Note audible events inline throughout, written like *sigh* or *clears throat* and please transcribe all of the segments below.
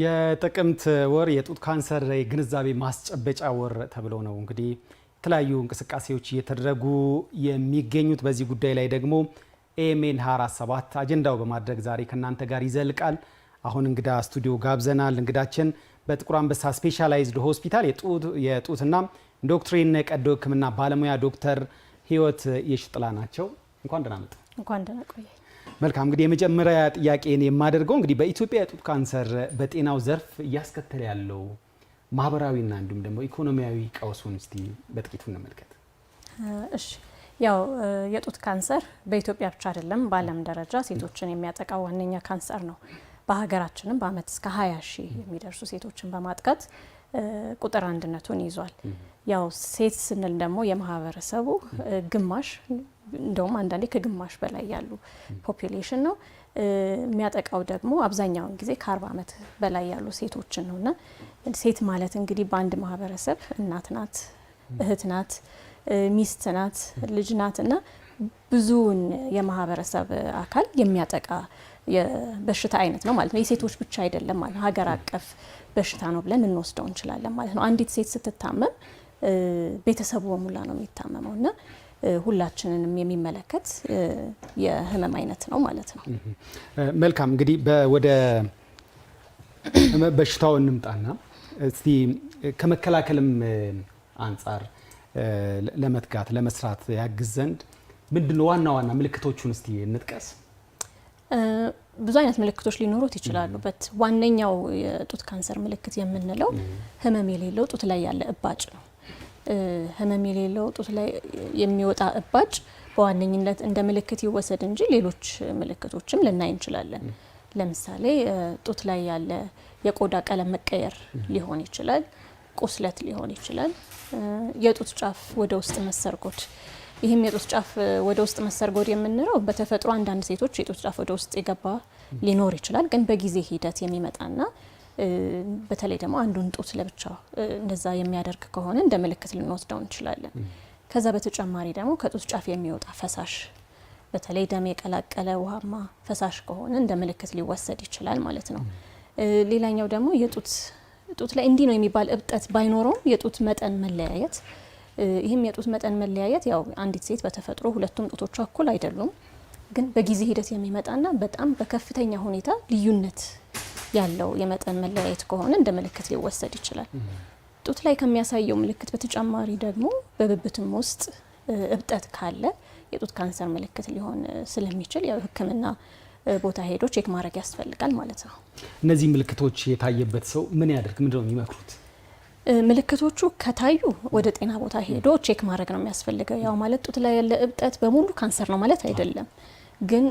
የጥቅምት ወር የጡት ካንሰር የግንዛቤ ማስጨበጫ ወር ተብሎ ነው እንግዲህ የተለያዩ እንቅስቃሴዎች እየተደረጉ የሚገኙት። በዚህ ጉዳይ ላይ ደግሞ ኤኤምኤን 24/7 አጀንዳው በማድረግ ዛሬ ከእናንተ ጋር ይዘልቃል። አሁን እንግዳ ስቱዲዮ ጋብዘናል። እንግዳችን በጥቁር አንበሳ ስፔሻላይዝድ ሆስፒታል የጡትና ኢንዶክትሪን ቀዶ ሕክምና ባለሙያ ዶክተር ህይወት የሽጥላ ናቸው። እንኳን ደህና መጡ። እንኳን ደህና ቆያችሁ። መልካም እንግዲህ የመጀመሪያ ጥያቄን የማደርገው እንግዲህ በኢትዮጵያ የጡት ካንሰር በጤናው ዘርፍ እያስከተለ ያለው ማህበራዊና እንዲሁም ደግሞ ኢኮኖሚያዊ ቀውሱን እስቲ በጥቂቱ እንመልከት። እሺ ያው የጡት ካንሰር በኢትዮጵያ ብቻ አይደለም፣ በዓለም ደረጃ ሴቶችን የሚያጠቃ ዋነኛ ካንሰር ነው። በሀገራችንም በአመት እስከ 20 ሺህ የሚደርሱ ሴቶችን በማጥቃት ቁጥር አንድነቱን ይዟል። ያው ሴት ስንል ደግሞ የማህበረሰቡ ግማሽ እንደውም አንዳንዴ ከግማሽ በላይ ያሉ ፖፕሌሽን ነው የሚያጠቃው ደግሞ አብዛኛውን ጊዜ ከአርባ ዓመት በላይ ያሉ ሴቶችን ነው እና ሴት ማለት እንግዲህ በአንድ ማህበረሰብ እናት ናት፣ እህት ናት፣ ሚስት ናት፣ ልጅ ናት እና ብዙውን የማህበረሰብ አካል የሚያጠቃ የበሽታ አይነት ነው ማለት ነው። የሴቶች ብቻ አይደለም ማለት ነው፣ ሀገር አቀፍ በሽታ ነው ብለን እንወስደው እንችላለን ማለት ነው። አንዲት ሴት ስትታመም ቤተሰቡ በሙላ ነው የሚታመመው እና ሁላችንንም የሚመለከት የህመም አይነት ነው ማለት ነው። መልካም እንግዲህ ወደ *clears throat* በሽታው እንምጣና እስቲ ከመከላከልም አንጻር ለመትጋት ለመስራት ያግዝ ዘንድ ምንድነው ዋና ዋና ምልክቶቹን እስቲ እንጥቀስ። ብዙ አይነት ምልክቶች ሊኖሩት ይችላሉ። በት ዋነኛው የጡት ካንሰር ምልክት የምንለው ህመም የሌለው ጡት ላይ ያለ እባጭ ነው። ህመም የሌለው ጡት ላይ የሚወጣ እባጭ በዋነኝነት እንደ ምልክት ይወሰድ እንጂ ሌሎች ምልክቶችም ልናይ እንችላለን። ለምሳሌ ጡት ላይ ያለ የቆዳ ቀለም መቀየር ሊሆን ይችላል። ቁስለት ሊሆን ይችላል። የጡት ጫፍ ወደ ውስጥ መሰርጎድ ይህም የጡት ጫፍ ወደ ውስጥ መሰርጎድ የምንለው በተፈጥሮ አንዳንድ ሴቶች የጡት ጫፍ ወደ ውስጥ የገባ ሊኖር ይችላል። ግን በጊዜ ሂደት የሚመጣና በተለይ ደግሞ አንዱን ጡት ለብቻ እንደዛ የሚያደርግ ከሆነ እንደ ምልክት ልንወስደው እንችላለን። ከዛ በተጨማሪ ደግሞ ከጡት ጫፍ የሚወጣ ፈሳሽ በተለይ ደም የቀላቀለ ውሃማ ፈሳሽ ከሆነ እንደ ምልክት ሊወሰድ ይችላል ማለት ነው። ሌላኛው ደግሞ የጡት ጡት ላይ እንዲህ ነው የሚባል እብጠት ባይኖረውም የጡት መጠን መለያየት ይህም የጡት መጠን መለያየት ያው አንዲት ሴት በተፈጥሮ ሁለቱም ጡቶቿ እኩል አይደሉም፣ ግን በጊዜ ሂደት የሚመጣና በጣም በከፍተኛ ሁኔታ ልዩነት ያለው የመጠን መለያየት ከሆነ እንደ ምልክት ሊወሰድ ይችላል። ጡት ላይ ከሚያሳየው ምልክት በተጨማሪ ደግሞ በብብትም ውስጥ እብጠት ካለ የጡት ካንሰር ምልክት ሊሆን ስለሚችል ያው ሕክምና ቦታ ሄዶ ቼክ ማድረግ ያስፈልጋል ማለት ነው። እነዚህ ምልክቶች የታየበት ሰው ምን ያደርግ? ምንድነው የሚመክሩት? ምልክቶቹ ከታዩ ወደ ጤና ቦታ ሄዶ ቼክ ማድረግ ነው የሚያስፈልገው። ያው ማለት ጡት ላይ ያለ እብጠት በሙሉ ካንሰር ነው ማለት አይደለም፣ ግን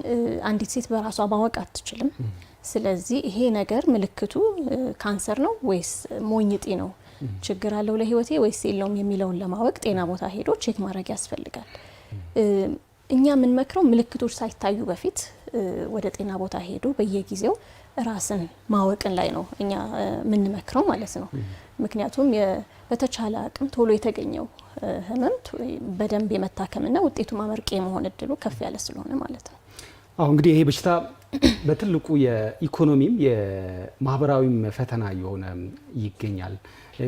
አንዲት ሴት በራሷ ማወቅ አትችልም። ስለዚህ ይሄ ነገር ምልክቱ ካንሰር ነው ወይስ ሞኝጢ ነው፣ ችግር አለው ለህይወቴ ወይስ የለውም የሚለውን ለማወቅ ጤና ቦታ ሄዶ ቼክ ማድረግ ያስፈልጋል። እኛ የምንመክረው ምልክቶች ሳይታዩ በፊት ወደ ጤና ቦታ ሄዶ በየጊዜው ራስን ማወቅን ላይ ነው እኛ የምንመክረው ማለት ነው። ምክንያቱም በተቻለ አቅም ቶሎ የተገኘው ህመም በደንብ የመታከምና ውጤቱ አመርቂ የመሆን እድሉ ከፍ ያለ ስለሆነ ማለት ነው። አሁ እንግዲህ ይሄ በሽታ በትልቁ የኢኮኖሚም የማህበራዊም ፈተና የሆነ ይገኛል።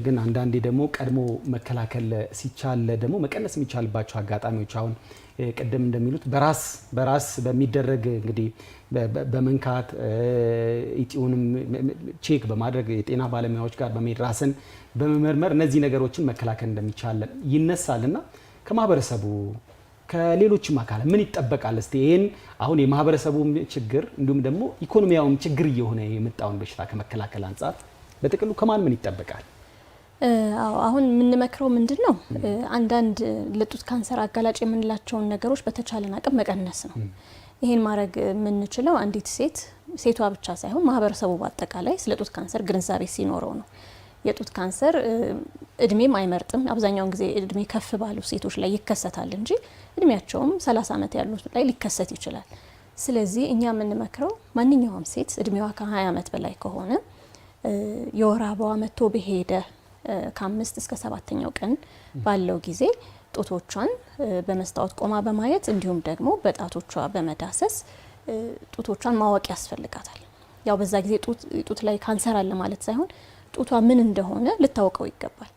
ግን አንዳንዴ ደግሞ ቀድሞ መከላከል ሲቻል ደግሞ መቀነስ የሚቻልባቸው አጋጣሚዎች አሁን ቅድም እንደሚሉት በራስ በራስ በሚደረግ እንግዲህ በመንካት እጢውንም ቼክ በማድረግ የጤና ባለሙያዎች ጋር በመሄድ ራስን በመመርመር እነዚህ ነገሮችን መከላከል እንደሚቻል ይነሳል እና ከማህበረሰቡ ከሌሎችም አካላት ምን ይጠበቃል? እስቲ ይህን አሁን የማህበረሰቡም ችግር እንዲሁም ደግሞ ኢኮኖሚያውም ችግር እየሆነ የመጣውን በሽታ ከመከላከል አንጻር በጥቅሉ ከማን ምን ይጠበቃል? አሁን የምንመክረው ምንድን ነው? አንዳንድ ለጡት ካንሰር አጋላጭ የምንላቸውን ነገሮች በተቻለን አቅም መቀነስ ነው። ይህን ማድረግ የምንችለው አንዲት ሴት ሴቷ ብቻ ሳይሆን ማህበረሰቡ በአጠቃላይ ስለ ጡት ካንሰር ግንዛቤ ሲኖረው ነው። የጡት ካንሰር እድሜም አይመርጥም። አብዛኛውን ጊዜ እድሜ ከፍ ባሉ ሴቶች ላይ ይከሰታል እንጂ እድሜያቸውም ሰላሳ ዓመት ያሉ ላይ ሊከሰት ይችላል። ስለዚህ እኛ የምንመክረው ማንኛውም ሴት እድሜዋ ከ20 ዓመት በላይ ከሆነ የወር አበባዋ መጥቶ በሄደ ከአምስት እስከ ሰባተኛው ቀን ባለው ጊዜ ጡቶቿን በመስታወት ቆማ በማየት እንዲሁም ደግሞ በጣቶቿ በመዳሰስ ጡቶቿን ማወቅ ያስፈልጋታል። ያው በዛ ጊዜ ጡት ላይ ካንሰር አለ ማለት ሳይሆን ጡቷ ምን እንደሆነ ልታወቀው ይገባል።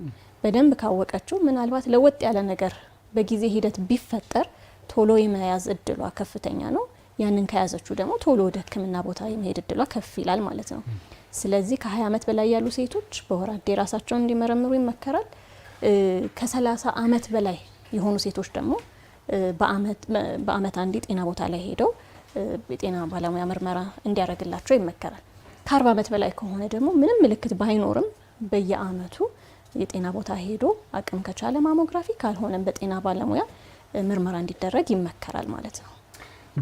በደንብ ካወቀችው ምናልባት ለወጥ ያለ ነገር በጊዜ ሂደት ቢፈጠር ቶሎ የመያዝ እድሏ ከፍተኛ ነው። ያንን ከያዘችው ደግሞ ቶሎ ወደ ሕክምና ቦታ የመሄድ እድሏ ከፍ ይላል ማለት ነው። ስለዚህ ከ20 ዓመት በላይ ያሉ ሴቶች በወር አዴ ራሳቸውን እንዲመረምሩ ይመከራል። ከ30 ዓመት በላይ የሆኑ ሴቶች ደግሞ በአመት አንዴ ጤና ቦታ ላይ ሄደው የጤና ባለሙያ ምርመራ እንዲያደርግላቸው ይመከራል። ከአርባ ዓመት በላይ ከሆነ ደግሞ ምንም ምልክት ባይኖርም በየአመቱ የጤና ቦታ ሄዶ አቅም ከቻለ ማሞግራፊ ካልሆነም በጤና ባለሙያ ምርመራ እንዲደረግ ይመከራል ማለት ነው።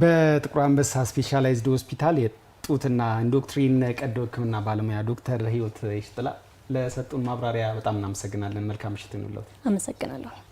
በጥቁር አንበሳ ስፔሻላይዝድ ሆስፒታል የጡትና ኢንዶክትሪን ቀዶ ሕክምና ባለሙያ ዶክተር ህይወት ይሽጥላ ለሰጡን ማብራሪያ በጣም እናመሰግናለን። መልካም ምሽት ይኑለት። አመሰግናለሁ።